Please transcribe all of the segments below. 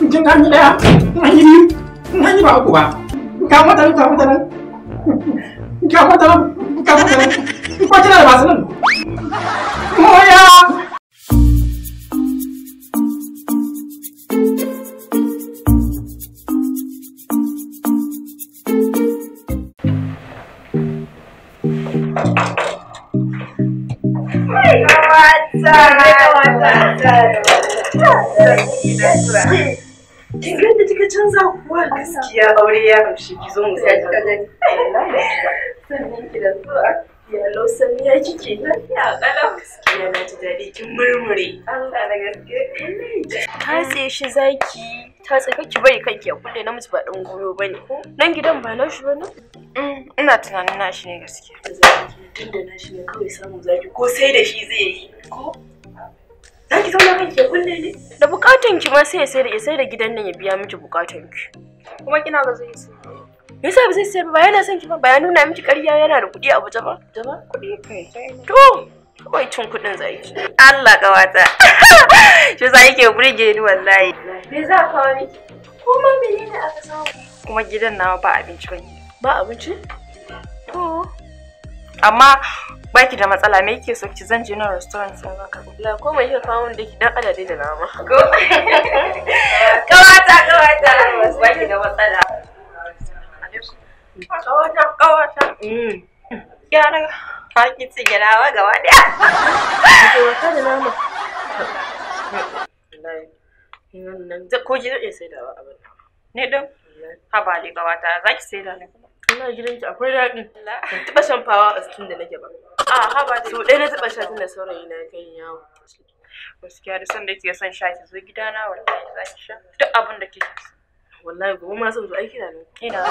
你干你来啊！那你你那你我不管，你干我得了，干我得了，你干我得了，干我得了，你把鸡蛋打碎了！我呀！我来，我来，kin ga da kika canza kuwa gaskiya aure ya amshi ki zo mu sai ka gani sannan ki da zuwa yalo sanni ya kike lafiya kalam gaskiya na ji daɗi kin murmure Allah na gaske tatse shi Ta tatse kake bari kanki ya kulle namiji ba dan goyo bane ko nan gidan ba na shi bane ina tunanin na shi ne gaskiya tunda na shi ne kawai samun zaki ko sai da shi zai yi ko Da bukatan ki ma sai ya sayar da sai da gidan nan ya biya miki bukatan ki. Kuma kina ga zai sai. Me yasa ba zai sayar ba yana son ki ba ya nuna miki ƙarya yana da kuɗi a Abuja ba? Jama kuɗi kai. To kawai cin kuɗin zai ki. Allah wata Shi sa yake burge ni wallahi. Me za ka wani? Kuma menene aka samu? Kuma gidan nawa ba abinci ba Ba abinci? To amma baki da matsala me ke so ki zan je na restaurant sun zaka la ko mai shi kawo da ki dan adadi da nama ko kawata kawata baki da matsala kawata kawata mm ya daga ki ci garawa gaba daya ki kawata da nama ko ki zai sai da abin ne dan haba dai kawata zaki sai da ne Ina ki akwai daɗi. Ban taɓa shan fawa a cikin da nake ba. A ba da. Su ɗaya na taɓa sha saurayi na kai yawo. Gaskiya da son da kike son sha ki zo gidana wallahi za ki sha duk abin da kike so. Wallahi gobe ma zo aiki Ina.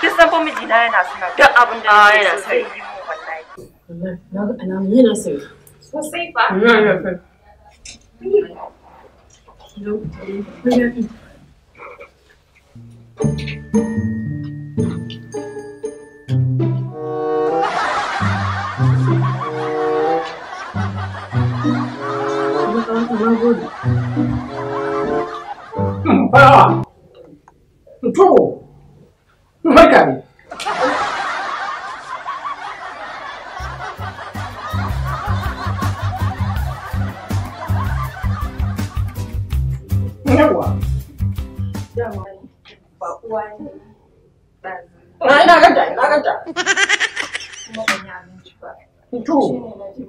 Kin san mijina yana suna duk da ah, Sosai Thank you. 嗯，家好，你做，你没干呢？你看我，要买包烟，来，来哪个债，哪个债？哈哈哈哈哈！你做，去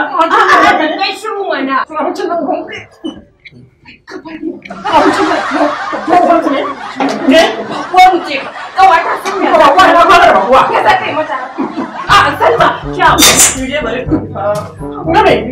a'a mana a hutun ne ne ko ce ta a salma ne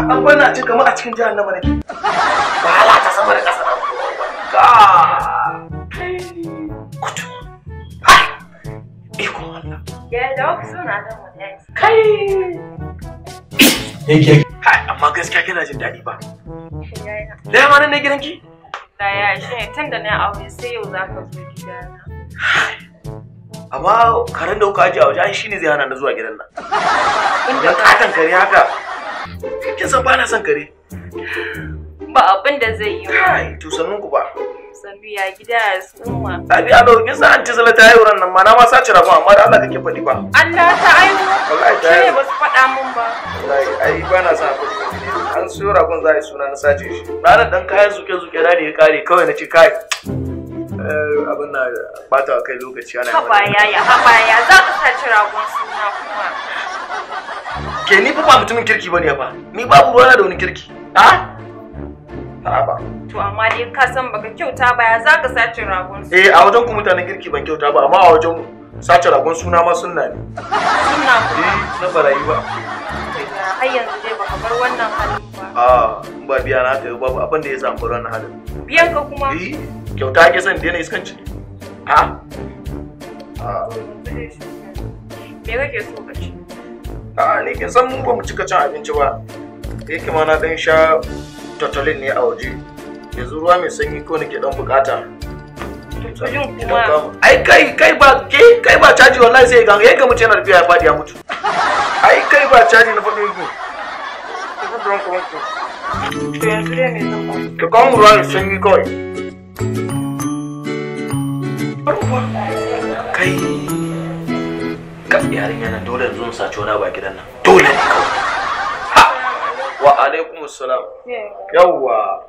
an bana cin kamar a cikin jihar na baraki ba Kai! Yake. amma gaskiya kina jin daɗi ba. Da ma nan ne gidanki? Da ya Amma karen da kuka ajiye a waje shi ne zai na zuwa gidan nan. Inda katon kare haka. Kin san ba son kare. Ba zai yi. ba. sannu ya gida ya suma. Abi a dauki sa anti zala ta haihu nan ma na ma sace rabu amma da Allah kake faɗi ba. Allah ta haihu. Wallahi ta haihu. ba su faɗa min ba. Wallahi ai ba na sa An siyo ragon za a yi suna na sace shi. Ranar dan kayan zuke-zuke na da ya kare kawai na ce kai. Eh, abin na bata kai lokaci ana haba yaya haba ya za ka sace ragon suna kuma ke ni fa ba mutumin kirki ba ne fa ni babu ruwa da wani kirki a ah? Aba. To amma dai ka san baka kyauta ba ya zaka sace ragon suna. Eh a wajen ku mutanen girki ban kyauta ba amma a wajen mu sace ragon suna ma sunna ne. Sunna ku. Eh na barayi ba. Har yanzu dai baka bar wannan halin ba. A in ba biya na tayo babu abin da ya samu bar wannan halin. Biyan ka kuma. Eh kyauta ke san daina iskanci. A. A. Me kake so ka ci? A ni kin san mun ba mu cika cin abinci ba. Eh kuma na dan sha tattalin ne a waje yanzu ruwa mai sanyi ko nake dan bukata tattalin kuma ai kai kai ba kai kai ba caji wallahi sai ga yayin ga mutum yana tafiya ya fadi ya mutu ai kai ba caji na fadi ku to yanzu ka kawo ruwa mai sanyi kawai kai ka yarinya na dole yanzu mu saci wani ba gidan nan dole ne kawai salam yawwa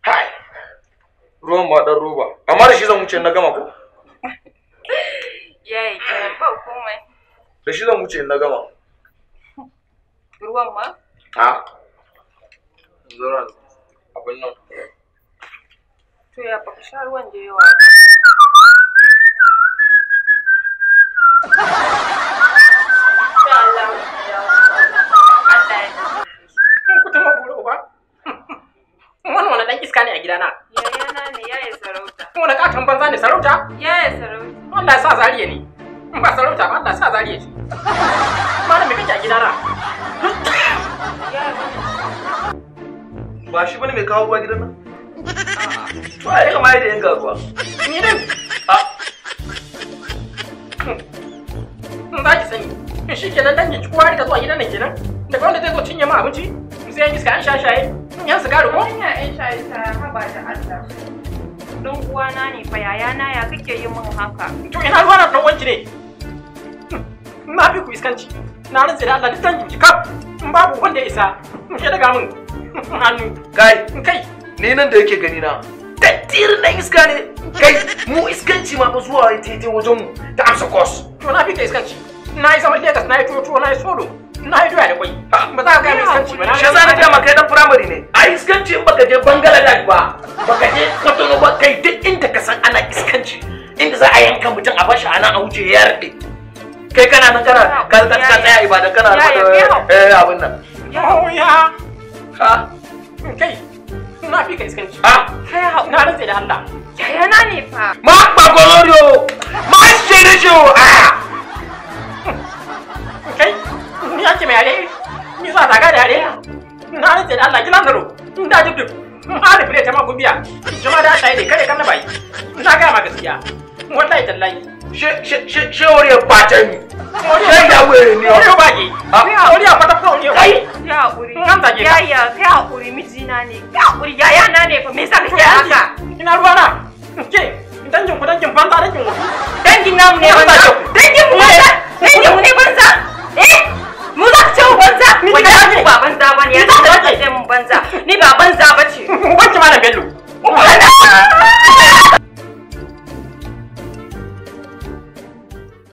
hai ruwan ba dan roba amma da shi zan wuce na gama ko yayi kana ba komai da shi zan wuce na gama ruwan ma a zura abin nan to ya fa sha ruwan da yawa yayana. Yayana ne yaya sarauta. Wani kakan banza ne sarauta? Yaya sarauta. Allah ya sa zariya ne. Ba sarauta ba Allah ya sa zariye ce. Malam me kake a gidana? Ba shi bane mai kawo ruwa gidan nan? To ai kama yadda yin gaguwa. Ni din. A. Za ki sani. Shi kenan dangin ki kowa rika zuwa gidan nan kenan? Daga wanda zai zo cinye ma abinci? Sai yan iska an shashaye. shaye. yan sigari ko? Ina yan shaye haba da Allah. Don uwana ne fa yayana ya kake yi min haka. To ina ruwa na ɗan ne. Hm, na fi ku iskanci. Na rantse da Allah duk dangin ki In babu wanda ya isa. In hm, ke daga min hannu. Kai. Kai. Ni nan da yake gani na. Dattir na iska ne. Kai mu iskanci ma ba zuwa ya tete wajen mu ta amsa kos. To na fi ka iskanci. Na yi zaman Lagos na yi tuwo na yi solo. na yi doya da kwai ba za ka gaya mai iskanci ba shi yasa na ce maka dan firamare ne a iskanci in baka je bangaladesh ba baka je kwatano ba kai duk inda ka san ana iskanci inda za a yanka mutum a bashi ana a wuce ya rade kai kana nan kana ka ka tsaya ibadan kana eh, eh abin nan ya ha hmm, kai na fi ka iskanci ha na rantse da Allah na ne fa ma ba goloriyo ma shi ne shi shake mai yare ni za ta yare na rike da Allah kina zaro da duk ma da fure ta gubiya da kare kan na bai na ga ma gaskiya wallahi tallahi she she she wuri ba ta ni she ya wuri ah. ne wuri ba ki ya ya fata kai ya kan ta ke ya ya kai hakuri mijina ne yaya na ne fa me yasa kake haka ina na ke dangin ku dangin ban dangin mu dangin namu ne wannan dangin mu ne eh. dangin mu ne banza ni ba ba banza ba ne ya ce wace ce mun banza ni ba banza ba ce wace malam bello